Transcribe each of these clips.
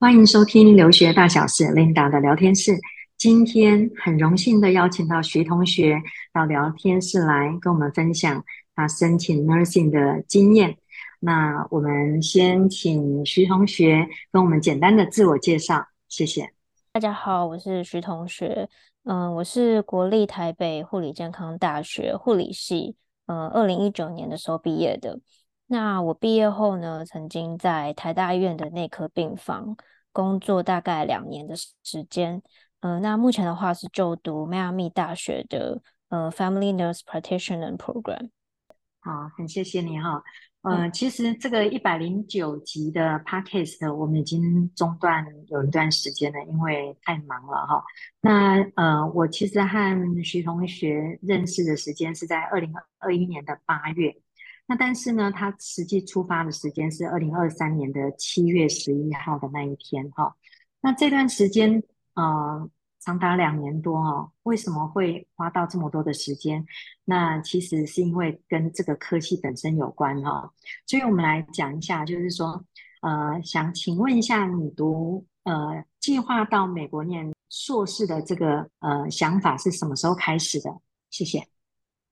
歡迎收聽留學大小事 Linda 的聊天室。今天很榮幸的邀請到徐同學到聊天室來跟我們分享他申請 Nursing 的經驗。那我們先請徐同學跟我們簡單的自我介紹，謝謝。大家好，我是徐同學，嗯、呃，我是國立台北護理健康大學護理系，嗯、呃，二零一九年的時候畢業的。那我畢業後呢，曾經在台大醫院的內科病房工作大概兩年的時間，嗯、呃，那目前的話是就讀邁阿密大學的呃 Family Nurse Practitioner Program。好，很謝謝你哈、哦。呃，其實這個一百零九集的 podcast 我們已經中斷有一段時間了，因為太忙了哈、哦。那呃，我其實和徐同學認識的時間是在二零二一年的八月，那但是呢，他實際出發的時間是二零二三年的七月十一號的那一天哈、哦。那這段時間啊。呃長達兩年多哦，為什麼會花到這麼多的時間？那其實是因為跟這個科系本身有關哈、哦，所以我們來講一下，就是說，呃，想請問一下，你讀呃計劃到美國念碩士的這個呃想法是什麼時候開始的？謝謝。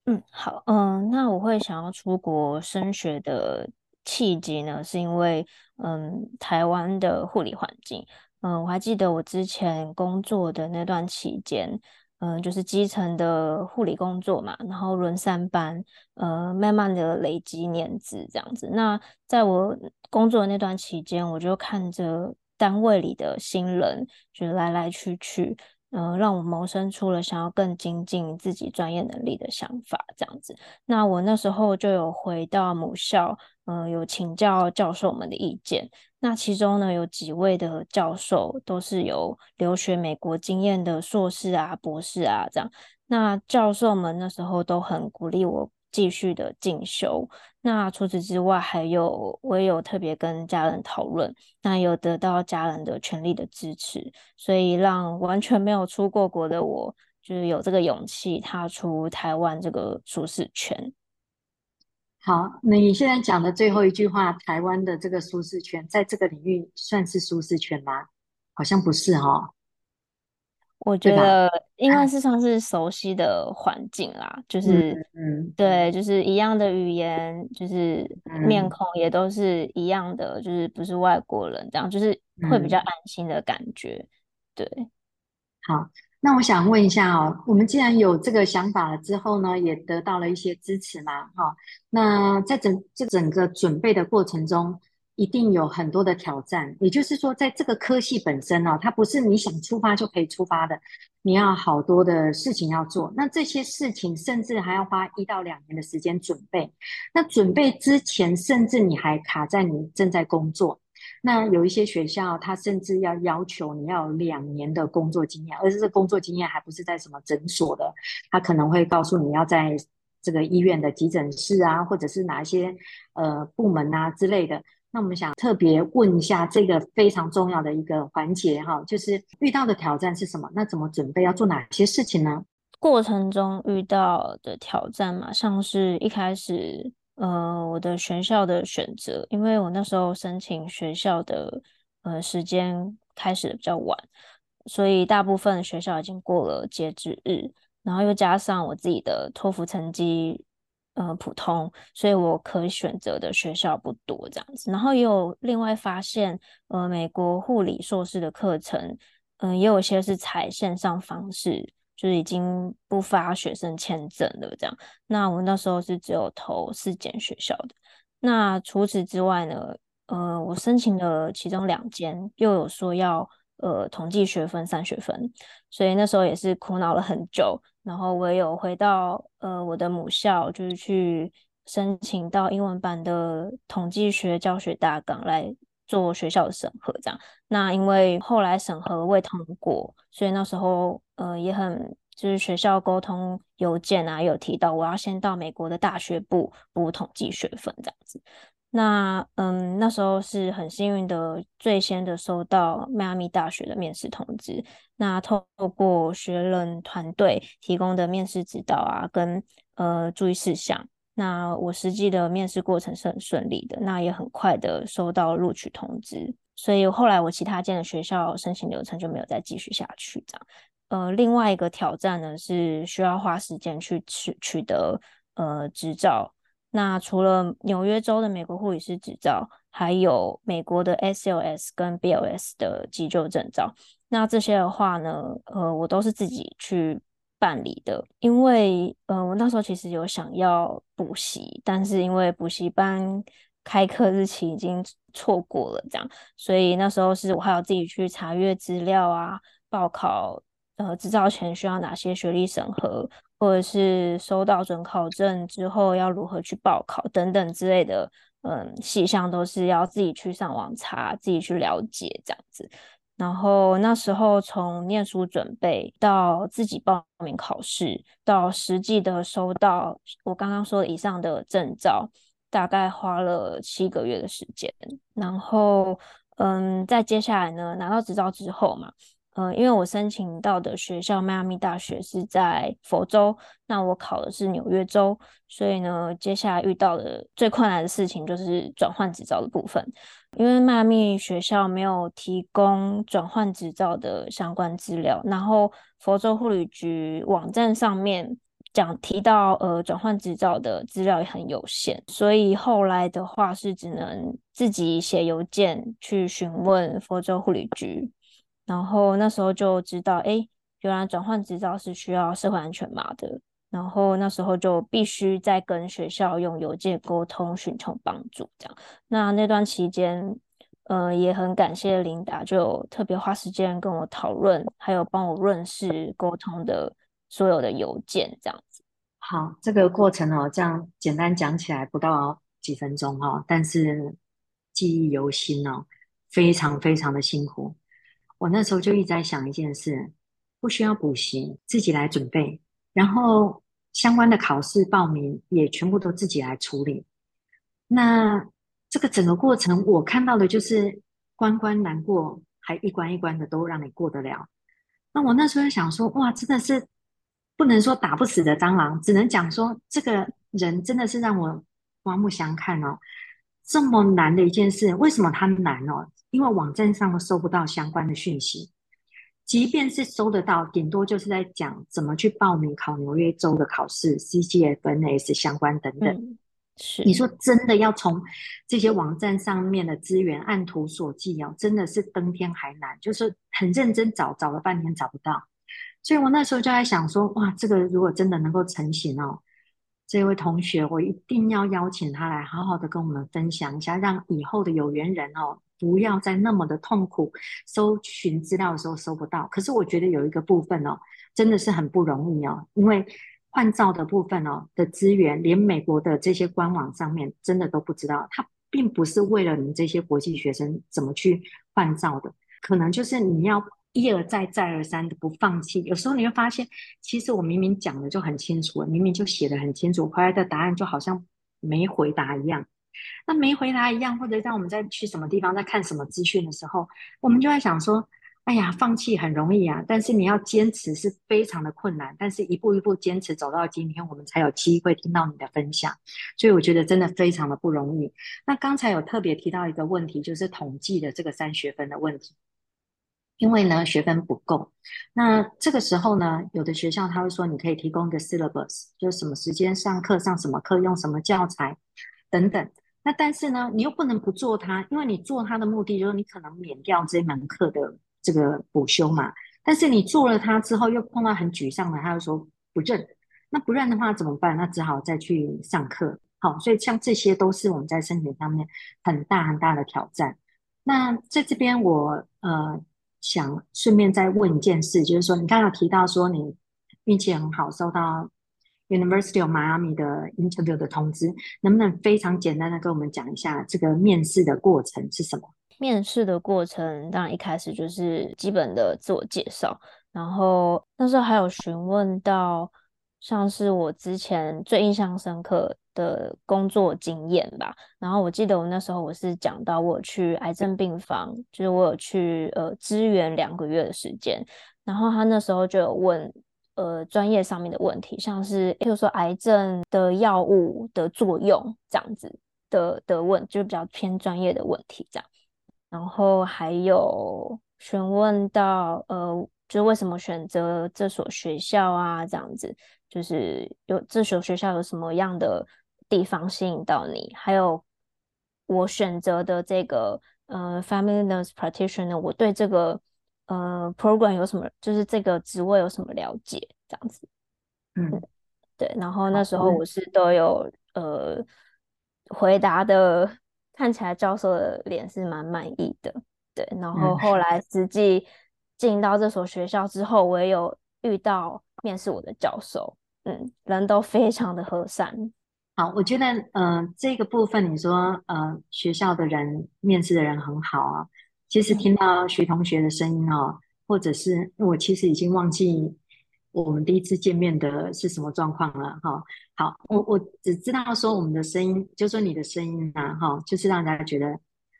嗯，好，嗯，那我會想要出國升學的契機呢，是因為嗯台灣的護理環境。嗯，我還記得我之前工作的那段期間，嗯，就是基層的護理工作嘛，然後輪三班，呃、嗯，慢慢的累積年資這樣子。那在我工作的那段期間，我就看着單位裡的新人就是、來來去去。嗯、呃，讓我萌生出了想要更精進自己專業能力的想法，這樣子。那我那時候就有回到母校，嗯、呃，有請教教授們的意見。那其中呢，有幾位的教授都是有留學美國經驗的碩士啊、博士啊，這樣。那教授們那時候都很鼓勵我，繼續的進修。那除此之外，還有我也有特別跟家人討論，那有得到家人的全力的支持，所以讓完全沒有出過國的我，就是有這個勇氣踏出台灣這個舒適圈。好，那你現在講的最後一句話，台灣的這個舒適圈，在這個領域算是舒適圈嗎？好像不是哈、哦。我覺得應該是算是熟悉的環境啦，嗯、就是、嗯嗯，對，就是一樣的語言，就是面孔也都是一樣的，嗯、就是不是外國人這樣，就是會比較安心的感覺、嗯。對，好，那我想問一下哦，我們既然有這個想法了之後呢，也得到了一些支持嘛，哈、哦，那在整這整個準備的過程中。一定有很多的挑戰，也就是說，在這個科系本身呢、哦，它不是你想出發就可以出發的，你要好多的事情要做。那這些事情甚至還要花一到兩年的時間準備。那準備之前，甚至你還卡在你正在工作。那有一些學校，它甚至要要求你要兩年的工作經驗，而且這個工作經驗還不是在什麼診所的，它可能會告訴你要在這個醫院的急診室啊，或者是哪一些呃部門啊之類的。那我們想特別問一下這個非常重要的一個環節哈，就是遇到的挑戰是什麼？那怎麼準備？要做哪些事情呢？過程中遇到的挑戰嘛，像是一開始，呃，我的學校的選擇，因為我那時候申請學校的呃時間開始的比較晚，所以大部分學校已經過了截止日，然後又加上我自己的托福成績。呃、嗯，普通，所以我可選擇的學校不多，這樣子。然後也有另外發現，呃，美國護理碩士的課程，嗯、呃，也有一些是採線上方式，就是已經不發學生簽證了這樣。那我們那時候是只有投四間學校的。那除此之外呢，呃，我申請了其中兩間又有說要。呃，統計學分三學分，所以那時候也是苦惱了很久，然後我有回到呃我的母校，就是去申請到英文版的統計學教學大綱來做學校的審核，這樣。那因為後來審核未通過，所以那時候呃也很就是學校溝通郵件啊，有提到我要先到美國的大學部補統計學分這樣子。那嗯，那時候是很幸運的，最先的收到邁阿密大學的面試通知。那透過學人團隊提供的面試指導啊跟，跟呃注意事項，那我實際的面試過程是很順利的。那也很快的收到錄取通知，所以後來我其他間的學校申請流程就沒有再繼續下去這樣。呃，另外一個挑戰呢是需要花時間去取取得呃執照。那除了紐約州的美國護理師執照，還有美國的 SLS 跟 BLS 的急救證照。那這些的話呢，呃，我都是自己去辦理的，因為呃，我那時候其實有想要補習，但是因為補習班開課日期已經錯過了，這樣，所以那時候是我還要自己去查閱資料啊，報考。呃，執照前需要哪些學歷審核，或者是收到准考證之後要如何去報考等等之類的，嗯，細項都是要自己去上網查，自己去了解這樣子。然後那時候從念書準備到自己報名考試，到實際的收到我剛剛說以上的證照，大概花了七個月的時間。然後，嗯，在接下來呢，拿到執照之後嘛。呃，因為我申請到的學校邁阿密大學是在佛州，那我考的是紐約州，所以呢，接下來遇到的最困難的事情就是轉換執照的部分，因為邁阿密學校沒有提供轉換執照的相關資料，然後佛州護理局網站上面講提到呃轉換執照的資料也很有限，所以後來的話是只能自己寫郵件去詢問佛州護理局。然後那時候就知道，哎，原來轉換執照是需要社會安全碼的。然後那時候就必須再跟學校用郵件溝通，尋求幫助，這樣。那那段期間，呃，也很感謝琳達，就特別花時間跟我討論，還有幫我潤飾溝通的所有的郵件，這樣子。好，這個過程哦，這樣簡單講起來不到幾分鐘哦，但是記憶猶新哦，非常非常的辛苦。我那時候就一直在想一件事，不需要補習，自己來準備，然後相關的考試報名也全部都自己來處理。那這個整個過程，我看到的就是關關難過，還一關一關的都讓你過得了。那我那時候想說，哇，真的是不能說打不死的蟑螂，只能講說這個人真的是讓我刮目相看哦。這麼難的一件事，為什麼它難哦？因為網站上都搜不到相關的訊息，即便是搜得到，頂多就是在講怎麼去報名考紐約州的考試，CGFNS 相關等等。嗯、是你說真的要從這些網站上面的資源按圖索驥哦，真的是登天還難，就是很認真找，找了半天找不到。所以我那時候就在想說，哇，這個如果真的能夠成型哦。這位同學，我一定要邀請他來好好的跟我們分享一下，讓以後的有緣人哦，不要再那麼的痛苦搜尋資料的時候搜不到。可是我覺得有一個部分哦，真的是很不容易哦，因為換照的部分哦的資源，連美國的這些官網上面真的都不知道，它並不是為了你們這些國際學生怎麼去換照的，可能就是你要。一而再再而三的不放棄，有時候你會發現，其實我明明講的就很清楚了，明明就寫的很清楚，回來的答案就好像沒回答一樣。那沒回答一樣，或者像我們在去什麼地方，在看什麼資訊的時候，我們就會想說，哎呀，放棄很容易啊，但是你要堅持是非常的困難。但是一步一步堅持走到今天，我們才有機會聽到你的分享，所以我覺得真的非常的不容易。那剛才有特別提到一個問題，就是統計的這個三學分的問題。因為呢，學分不夠。那這個時候呢，有的學校他會說，你可以提供一個 syllabus，就是什麼時間上課、上什麼課、用什麼教材等等。那但是呢，你又不能不做它，因為你做它的目的就是你可能免掉這門課的這個補修嘛。但是你做了它之後，又碰到很沮喪的，他又說不認。那不認的話怎麼辦？那只好再去上課。好，所以像這些都是我們在申請上面很大很大的挑戰。那在這邊我呃。想順便再問一件事，就是說你剛才提到說，你運氣很好，收到 University of Miami 的 interview 的通知，能不能非常簡單的跟我們講一下這個面試的過程是什麼？面試的過程當然一開始就是基本的自我介紹，然後那時候還有詢問到像是我之前最印象深刻的工作經驗吧。然後我記得我那時候我是講到我去癌症病房，就是我有去呃支援兩個月的時間。然後他那時候就有問呃專業上面的問題，像是譬如說癌症的藥物的作用這樣子的的問，就比較偏專業的問題這樣。然後還有詢問到呃，就是為什麼選擇這所學校啊？這樣子就是有這所學校有什麼樣的？地方吸引到你？還有我選擇的這個呃，family nurse practitioner，我對這個呃 program 有什麼，就是這個職位有什麼了解？這樣子，嗯，對。然後那時候我是都有呃回答的，看起來教授的臉是蠻滿意的。對，然後後來實際進到這所學校之後，我也有遇到面試我的教授，嗯，人都非常的和善。好，我覺得，呃，這個部分你說，呃，學校的人面試的人很好啊。其實聽到徐同學的聲音哦，或者是我其實已經忘記我們第一次見面的是什麼狀況了，哈、哦。好，我我只知道說我們的聲音，就說你的聲音啊，哈、哦，就是讓大家覺得，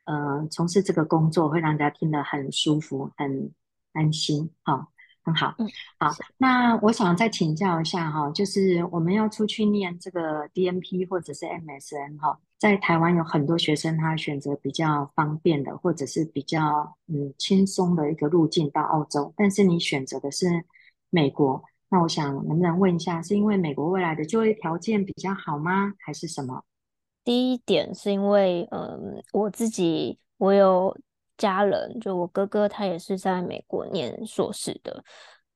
呃，從事這個工作會讓大家聽得很舒服、很安心，好、哦。很、嗯、好，嗯，好。那我想再請教一下哈，就是我們要出去念這個 DNP 或者是 MSN 哈，在台灣有很多學生他選擇比較方便的或者是比較嗯輕鬆的一個路徑到澳洲，但是你選擇的是美國，那我想能不能問一下，是因為美國未來的就業條件比較好嗎，還是什麼？第一點是因為呃，嗯，我自己我有。家人就我哥哥，他也是在美國念碩士的，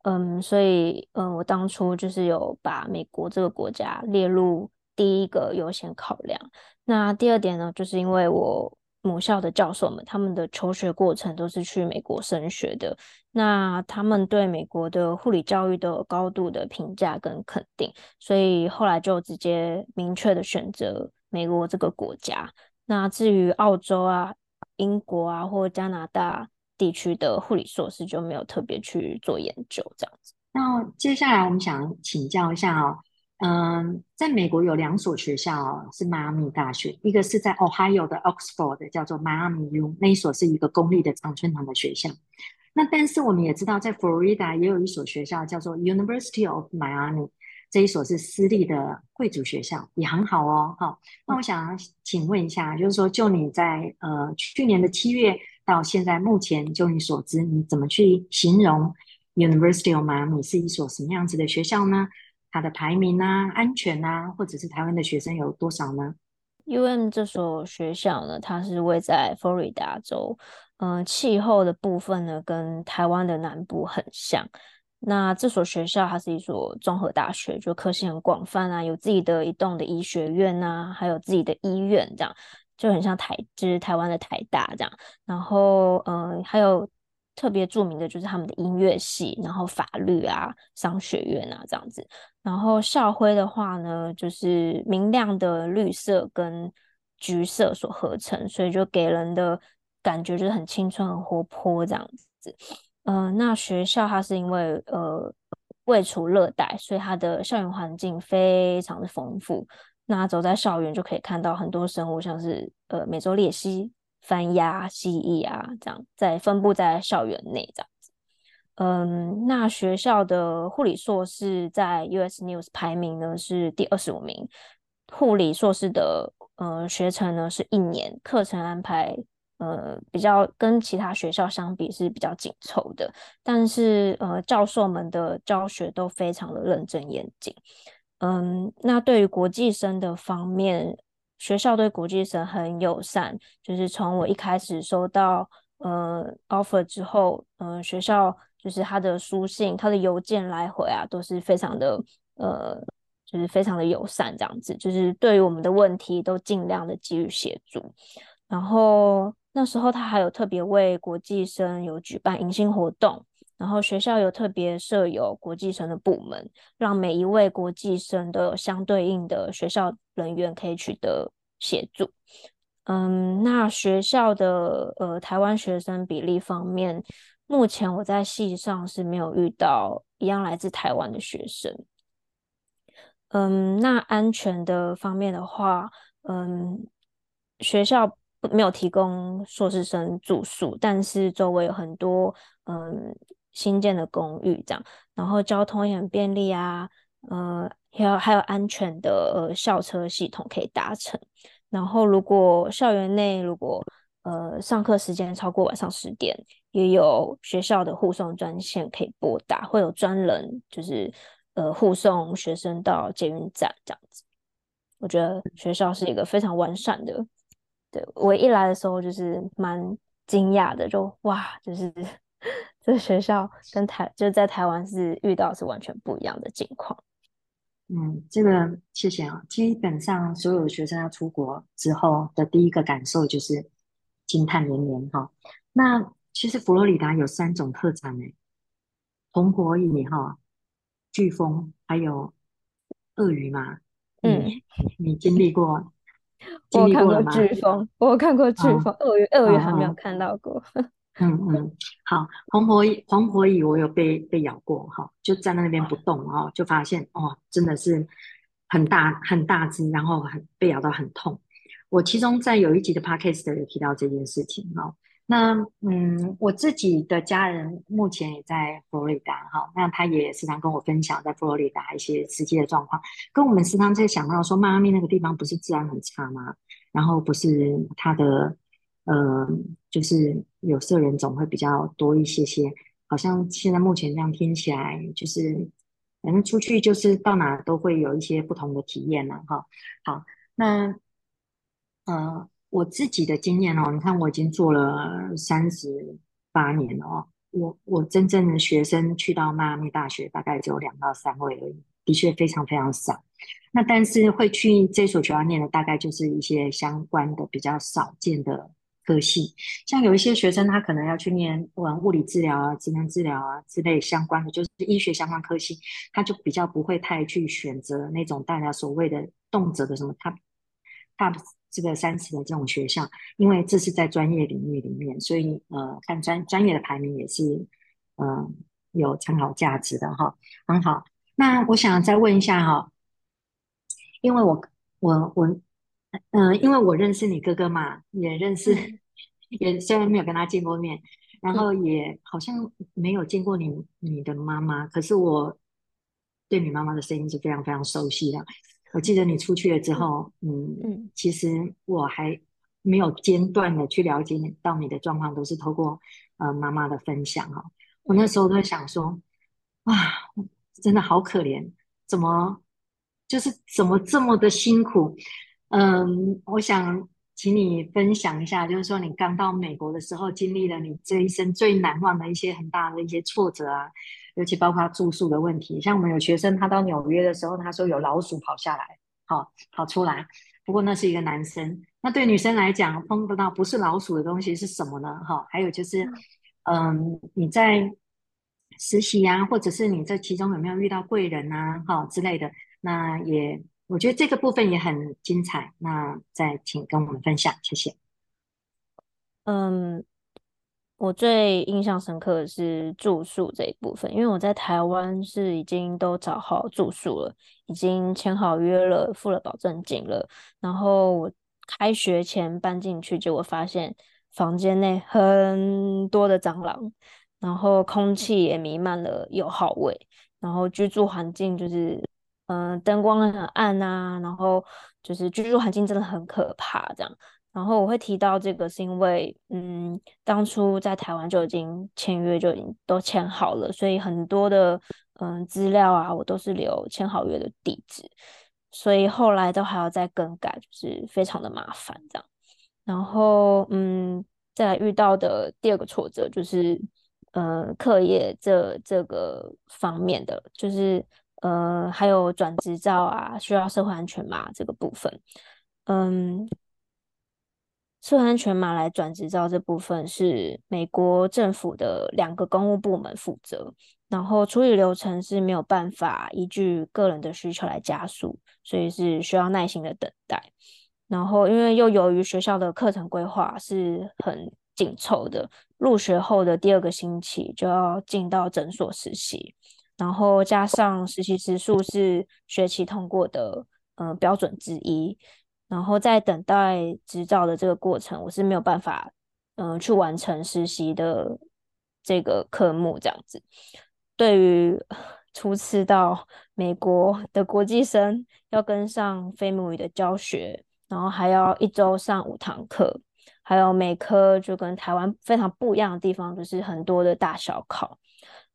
嗯，所以嗯，我當初就是有把美國這個國家列入第一個優先考量。那第二點呢，就是因為我母校的教授們他們的求學過程都是去美國升學的，那他們對美國的護理教育的高度的評價跟肯定，所以後來就直接明確的選擇美國這個國家。那至於澳洲啊。英國啊，或加拿大地區的護理碩士就沒有特別去做研究這樣子。那接下來我們想請教一下哦，嗯、呃，在美國有兩所學校，哦、是邁阿密大學，一個是在 Ohio 的 Oxford 叫做 Miami U，那一所是一個公立的常春藤的學校。那但是我們也知道，在 Florida 也有一所學校叫做 University of Miami。這一所是私立的貴族學校，也很好哦。好，那我想請問一下，就是說，就你在呃去年的七月到現在，目前就你所知，你怎麼去形容 University of Miami 是一所什麼樣子的學校呢？它的排名啊、安全啊，或者是台灣的學生有多少呢？因為這所學校呢，它是位在佛羅里達州，嗯，氣候的部分呢，跟台灣的南部很像。那這所學校它是一所綜合大學，就科系很廣泛啊，有自己的一棟的醫學院啊，還有自己的醫院這樣，就很像台就是台灣的台大這樣。然後，嗯，還有特別著名的就是他們的音樂系，然後法律啊、商學院啊這樣子。然後校徽的話呢，就是明亮的綠色跟橘色所合成，所以就給人的感覺就是很青春、很活潑這樣子。嗯、呃，那學校它是因為呃位處熱帶，所以它的校園環境非常的豐富。那走在校園就可以看到很多生物，像是呃美洲鬣蜥、番鴨、蜥蜴啊，這樣在分布在校園內這樣子。嗯、呃，那學校的護理碩士在 US News 排名呢是第二十五名。護理碩士的呃學程呢是一年，課程安排。呃，比較跟其他學校相比是比較緊湊的，但是呃，教授們的教學都非常的認真嚴謹。嗯，那對於國際生的方面，學校對國際生很友善，就是從我一開始收到呃 offer 之後，嗯、呃，學校就是他的書信、他的郵件來回啊，都是非常的呃，就是非常的友善，這樣子，就是對於我們的問題都盡量的給予協助，然後。那時候他還有特別為國際生有舉辦迎新活動，然後學校有特別設有國際生的部門，讓每一位國際生都有相對應的學校人員可以取得協助。嗯，那學校的呃台灣學生比例方面，目前我在系上是沒有遇到一樣來自台灣的學生。嗯，那安全的方面的話，嗯，學校。沒有提供碩士生住宿，但是周圍有很多嗯新建的公寓這樣，然後交通也很便利啊，嗯、呃，還有還有安全的呃校車系統可以搭乘。然後如果校園內如果呃上課時間超過晚上十點，也有學校的護送專線可以撥打，會有專人就是呃護送學生到捷運站這樣子。我覺得學校是一個非常完善的。對，我一來的時候就是蠻驚訝的，就哇，就是這學校跟台就是在台灣是遇到是完全不一樣的境況。嗯，這個謝謝啊。基本上所有的學生要出國之後的第一個感受就是驚嘆連連哈。那其實佛羅里達有三種特產呢，紅火蟻哈、颶風還有鱷魚嘛。嗯，嗯，你經歷過？ 我看過颶風，我看過颶風、哦，鱷魚，鱷魚還沒有看到過。嗯嗯，好，紅火蟻紅火蟻，我有被被咬過哈、哦，就站在那邊不動，然、哦、就發現哦，真的是很大很大隻，然後很被咬到很痛。我其中在有一集的 podcast 有提到這件事情啊。哦那嗯，我自己的家人目前也在佛羅里達哈，那他也時常跟我分享在佛羅里達一些實際的狀況，跟我們時常在想到說，邁阿密那個地方不是治安很差嗎？然後不是他的呃，就是有色人種會比較多一些些，好像現在目前這樣聽起來，就是反正出去就是到哪都會有一些不同的體驗嘛，哈，好，那呃。我自己的經驗哦，你看我已經做了三十八年了哦。我我真正的學生去到邁阿密大學，大概只有兩到三位而已，的確非常非常少。那但是會去這所學校念的，大概就是一些相關的比較少見的科系，像有一些學生他可能要去念完物理治療啊、職能治療啊之類相關的，就是醫學相關科系，他就比較不會太去選擇那種大家所謂的動輒的什麼他大。這個三十的這種學校，因為這是在專業領域裡面，所以呃，看專專業的排名也是，嗯、呃，有參考價值的哈、哦。很好，那我想再問一下哈、哦，因為我我我，嗯、呃，因為我認識你哥哥嘛，也認識，也雖然沒有跟他見過面，然後也好像沒有見過你你的媽媽，可是我對你媽媽的聲音是非常非常熟悉的。我記得你出去了之後，嗯，其實我還沒有間斷的去了解到你的狀況，都是透過呃媽媽的分享哦。我那時候在想說，哇，真的好可憐，怎麼就是怎麼這麼的辛苦？嗯，我想請你分享一下，就是說你剛到美國的時候，經歷了你這一生最難忘的一些很大的一些挫折啊。尤其包括住宿的問題，像我們有學生他到紐約的時候，他說有老鼠跑下來，哈、哦，跑出來。不過那是一個男生，那對女生來講，碰不到不是老鼠的東西是什麼呢？哈、哦，還有就是，嗯，你在實習啊，或者是你這其中有沒有遇到貴人啊，哈、哦，之類的，那也，我覺得這個部分也很精彩。那再請跟我們分享，謝謝。嗯。我最印象深刻的是住宿這一部分，因為我在台灣是已經都找好住宿了，已經簽好約了，付了保證金了。然後我開學前搬進去，結果發現房間內很多的蟑螂，然後空氣也彌漫了油耗味，然後居住環境就是嗯、呃、燈光很暗啊，然後就是居住環境真的很可怕，這樣。然後我會提到這個，是因為嗯，當初在台灣就已經簽約，就已經都簽好了，所以很多的嗯資料啊，我都是留簽好約的地址，所以後來都還要再更改，就是非常的麻煩這樣。然後嗯，再來遇到的第二個挫折就是呃，課業這這個方面的，就是呃，還有轉執照啊，需要社會安全碼這個部分，嗯。社會安全碼來轉執照這部分是美國政府的兩個公務部門負責，然後處理流程是沒有辦法依據個人的需求來加速，所以是需要耐心的等待。然後，因為又由於學校的課程規劃是很緊湊的，入學後的第二個星期就要進到診所實習，然後加上實習時數是學期通過的呃標準之一。然後在等待執照的這個過程，我是沒有辦法嗯、呃、去完成實習的這個科目這樣子。對於初次到美國的國際生，要跟上非母語的教學，然後還要一週上五堂課，還有每科就跟台灣非常不一樣的地方，就是很多的大小考，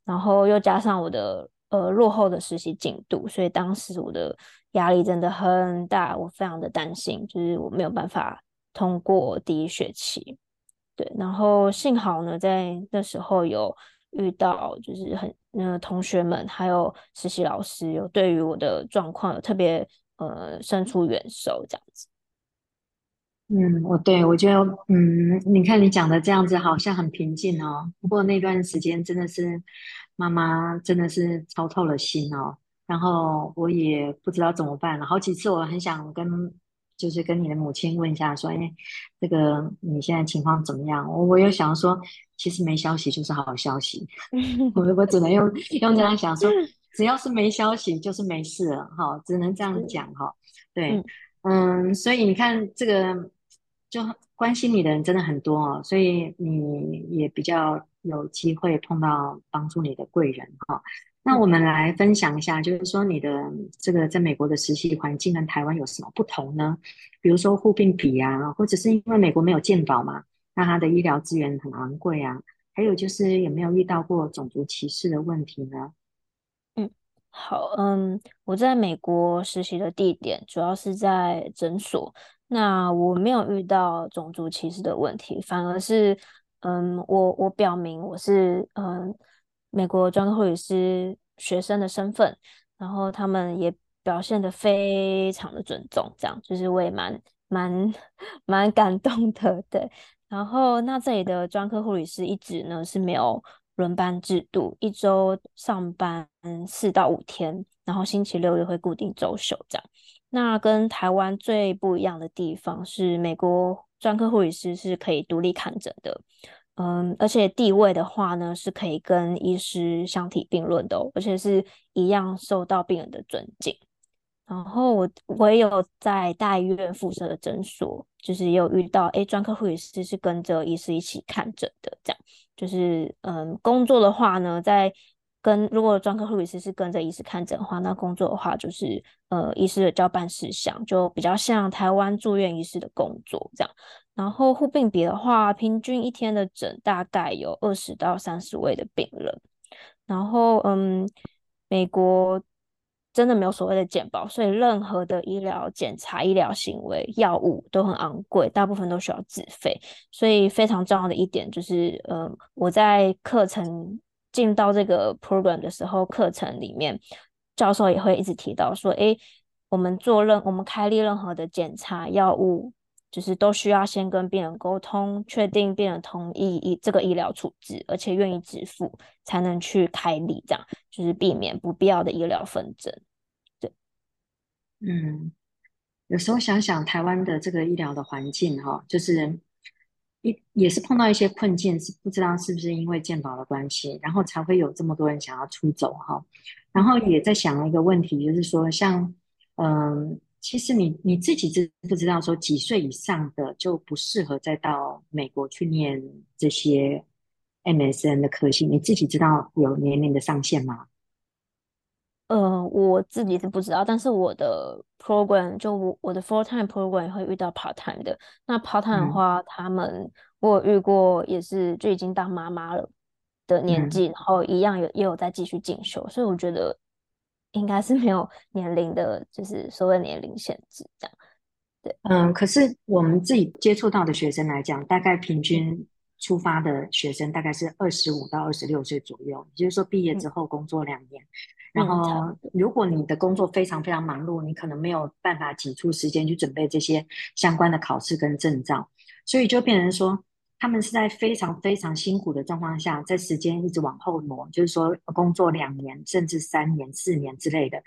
然後又加上我的。呃，落後的實習進度，所以當時我的壓力真的很大，我非常的擔心，就是我沒有辦法通過第一學期。對，然後幸好呢，在那時候有遇到，就是很呃，同學們還有實習老師，有對於我的狀況有特別呃伸出援手這樣子。嗯，我對我覺得，嗯，你看你講的這樣子，好像很平靜哦。不過那段時間真的是。媽媽真的是操透了心哦，然後我也不知道怎麼辦了。好幾次，我很想跟，就是跟你的母親問一下，說，哎，這個你現在情況怎麼樣？我我又想說，其實沒消息就是好消息，我 我只能用用這樣想說，只要是沒消息就是沒事了，哈、哦，只能這樣講哈、哦。對，嗯，所以你看，這個就關心你的人真的很多哦，所以你也比較。有機會碰到幫助你的貴人哈、哦。那我們來分享一下，就是說你的這個在美國的實習環境跟台灣有什麼不同呢？比如說護病比啊，或者是因為美國沒有健保嘛，那他的醫療資源很昂貴啊。還有就是有沒有遇到過種族歧視的問題呢？嗯，好，嗯，我在美國實習的地點主要是在診所，那我沒有遇到種族歧視的問題，反而是。嗯，我我表明我是嗯美國專科護理師學生的身份，然後他們也表現得非常的尊重，這樣就是我也蠻蠻蠻感動的，對。然後那這裡的專科護理師一直呢是沒有輪班制度，一周上班四到五天，然後星期六日會固定周休這樣。那跟台灣最不一樣的地方是美國。專科護理師是是可以獨立看診的，嗯，而且地位的話呢，是可以跟醫師相提並論的，哦，而且是一樣受到病人的尊敬。然後我我也有在大醫院附設的診所，就是也有遇到，哎、欸，專科護理師是跟着醫師一起看診的，這樣就是，嗯，工作的話呢，在。跟，如果專科護理師是跟着醫師看診的話，那工作的話就是呃醫師的交辦事項，就比較像台灣住院醫師的工作這樣。然後護病比的話，平均一天的診大概有二十到三十位的病人。然後嗯，美國真的沒有所謂的健保，所以任何的醫療檢查、醫療行為、藥物都很昂貴，大部分都需要自費。所以非常重要的一點就是，嗯，我在課程。進到這個 program 的時候，課程裡面教授也會一直提到說：“哎，我們做任我們開立任何的檢查藥物，就是都需要先跟病人溝通，確定病人同意這個醫療處置，而且願意支付，才能去開立，這樣就是避免不必要的醫療紛爭。”對，嗯，有時候想想台灣的這個醫療的環境，哦，哈，就是。也也是碰到一些困境，是不知道是不是因為健保的關係，然後才會有這麼多人想要出走哈。然後也在想一個問題，就是說像，像嗯，其實你你自己知不知道，說幾歲以上的就不適合再到美國去念這些 MSN 的科系？你自己知道有年齡的上限嗎？呃、我自己是不知道，但是我的 program 就我我的 full time program 也會遇到 part time 的。那 part time 的話，嗯、他們我遇過也是就已經當媽媽了的年紀、嗯，然後一樣有也有在繼續進修、嗯，所以我覺得應該是沒有年齡的，就是所謂年齡限制這樣。對，嗯，可是我們自己接觸到的學生來講，大概平均出發的學生大概是二十五到二十六歲左右，也就是說畢業之後工作兩年。嗯然後，如果你的工作非常非常忙碌，你可能沒有辦法擠出時間去準備這些相關的考試跟證照，所以就變成說，他們是在非常非常辛苦的狀況下，在時間一直往後挪，就是說工作兩年甚至三年、四年之類的。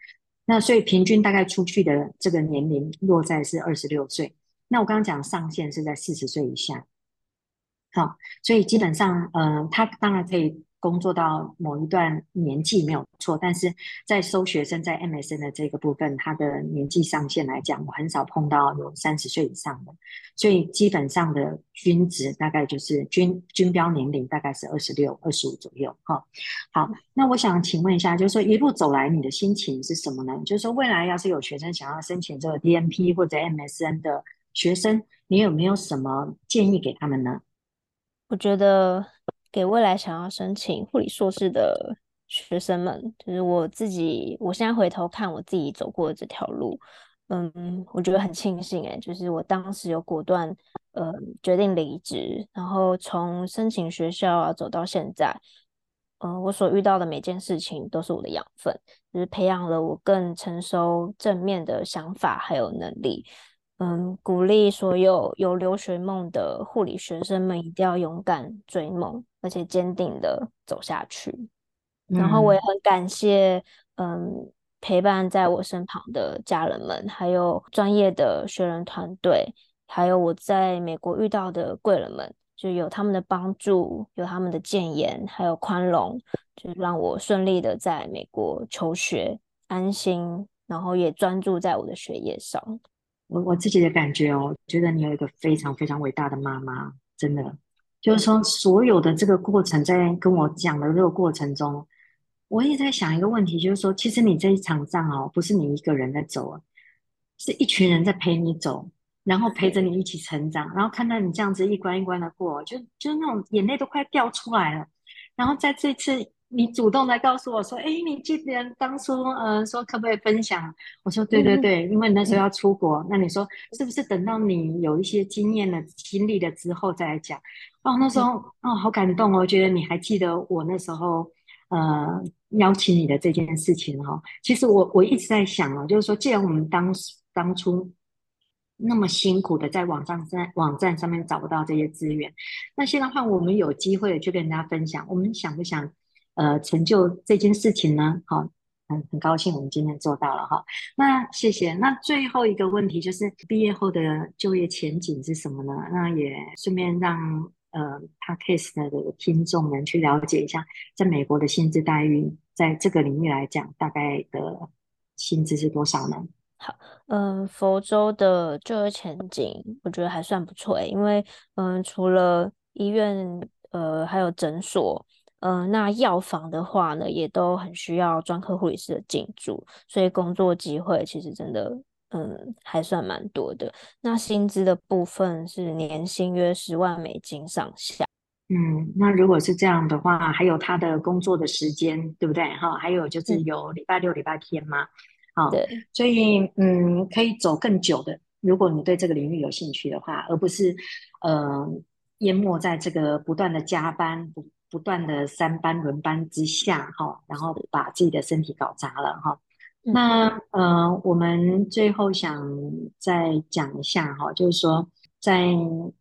那所以平均大概出去的這個年齡落在是二十六歲。那我剛剛講上限是在四十歲以下，好，所以基本上，嗯、呃，他當然可以。工作到某一段年紀沒有錯，但是在收學生在 MSN 的這個部分，他的年紀上限來講，我很少碰到有三十歲以上的，所以基本上的均值大概就是均均標年齡大概是二十六、二十五左右哈、哦。好，那我想請問一下，就是說一路走來你的心情是什麼呢？就是說未來要是有學生想要申請這個 DNP 或者 MSN 的學生，你有沒有什麼建議給他們呢？我覺得。給未來想要申請護理碩士的學生們，就是我自己，我現在回頭看我自己走過的這條路，嗯，我覺得很慶幸哎，就是我當時有果斷，呃，決定離職，然後從申請學校啊走到現在，嗯、呃，我所遇到的每件事情都是我的養分，就是培養了我更成熟、正面的想法還有能力。嗯，鼓勵所有有留學夢的護理學生們一定要勇敢追夢，而且堅定的走下去。嗯。然後我也很感謝，嗯，陪伴在我身旁的家人們，還有專業的學人團隊，還有我在美國遇到的貴人們，就有他們的幫助，有他們的建言，還有寬容，就讓我順利的在美國求學，安心，然後也專注在我的學業上。我我自己的感覺哦，覺得你有一個非常非常偉大的媽媽，真的。就是說，所有的這個過程，在跟我講的這個過程中，我也在想一個問題，就是說，其實你這一場仗哦，不是你一個人在走啊，是一群人在陪你走，然後陪着你一起成長，然後看到你這樣子一關一關的過，就就那種眼淚都快掉出來了。然後在這次。你主動來告訴我說：“哎，你記得當初呃，說可不可以分享？”我說：“對對對、嗯，因為那時候要出國。嗯”那你說是不是等到你有一些經驗了、經歷了之後再來講？哦，那時候、嗯、哦，好感動哦，我覺得你還記得我那時候呃邀請你的這件事情哦。其實我我一直在想啊、哦，就是說，既然我們當當初那麼辛苦的在網上、網站上面找不到這些資源，那現在的話我們有機會去跟大家分享，我們想不想？呃，成就這件事情呢，好、哦嗯，很很高興我們今天做到了哈、哦。那謝謝。那最後一個問題就是畢業後的就業前景是什麼呢？那也順便讓呃，podcast 的聽眾們去了解一下，在美國的薪資待遇，在這個領域來講，大概的薪資是多少呢？好，嗯、呃，佛州的就業前景我覺得還算不錯、欸、因為嗯、呃，除了醫院，呃，還有診所。嗯、呃，那藥房的話呢，也都很需要專科護理師的進駐，所以工作機會其實真的，嗯，還算蠻多的。那薪資的部分是年薪約十萬美金上下。嗯，那如果是這樣的話，還有他的工作的時間，對不對？哈，還有就是有禮拜六、嗯、禮拜天嗎？好的。所以，嗯，可以走更久的，如果你對這個領域有興趣的話，而不是，嗯、呃，淹沒在這個不斷的加班不斷的三班輪班之下，哈，然後把自己的身體搞砸了，哈、嗯。那，呃，我們最後想再講一下，哈，就是說，在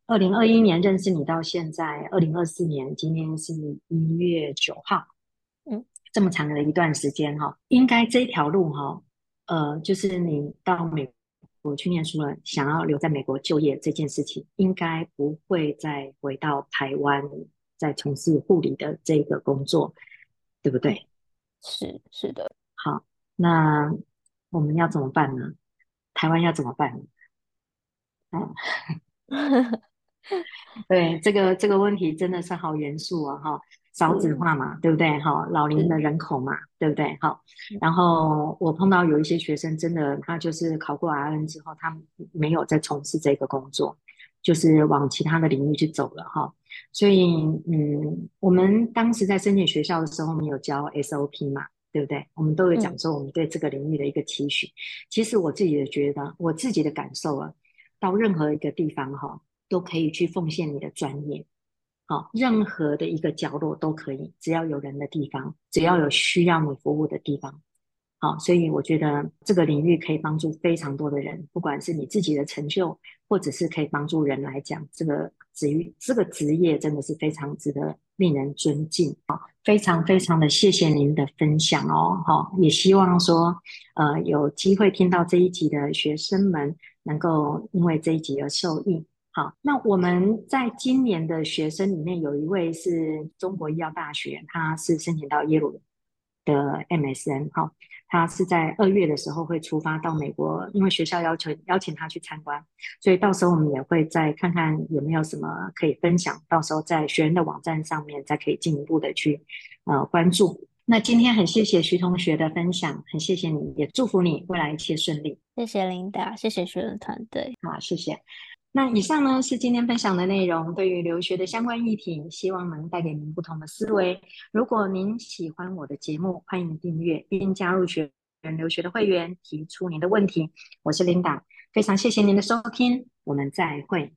二零二一年認識你到現在，二零二四年，今天是一月九號，嗯，這麼長的一段時間，哈，應該這條路，哈，呃，就是你到美國去念書了，想要留在美國就業這件事情，應該不會再回到台灣。在從事護理的這個工作，對不對？是是的。好，那我們要怎麼辦呢？台灣要怎麼辦呢？啊， 對，這個這個問題真的是好嚴肅啊！哈、哦，少子化嘛，嗯、對不對？哈、哦，老齡的人口嘛，對不對？哈、哦，然後我碰到有一些學生，真的他就是考過 RN 之後，他沒有再從事這個工作，就是往其他的領域去走了。哈、哦。所以，嗯，我們當時在申請學校的時候，我們有交 SOP 嘛，對不對？我們都有講說我們對這個領域的一個期許。嗯、其實我自己也覺得，我自己的感受啊，到任何一個地方哈、哦，都可以去奉獻你的專業，好、哦，任何的一個角落都可以，只要有人的地方，只要有需要你服務的地方。好、哦，所以我覺得這個領域可以幫助非常多的人，不管是你自己的成就，或者是可以幫助人來講，這個職業這個職業真的是非常值得令人尊敬。好、哦，非常非常的謝謝您的分享哦。好、哦，也希望說，呃，有機會聽到這一集的學生們能夠因為這一集而受益。好、哦，那我們在今年的學生裡面，有一位是中國醫藥大學，他是申請到耶魯的，的 MSN 哈、哦，他是在二月的時候會出發到美國，因為學校要求邀請他去參觀，所以到時候我們也會再看看有沒有什麼可以分享，到時候在學人的網站上面再可以進一步的去呃關注。那今天很謝謝徐同學的分享，很謝謝你，也祝福你未來一切順利。謝謝 Linda，謝謝學人團隊。好、啊，謝謝。那以上呢是今天分享的內容。對於留學的相關議題，希望能帶給您不同的思維。如果您喜歡我的節目，歡迎訂閱並加入學人留學的會員，提出您的問題。我是 Linda，非常謝謝您的收聽，我們再會。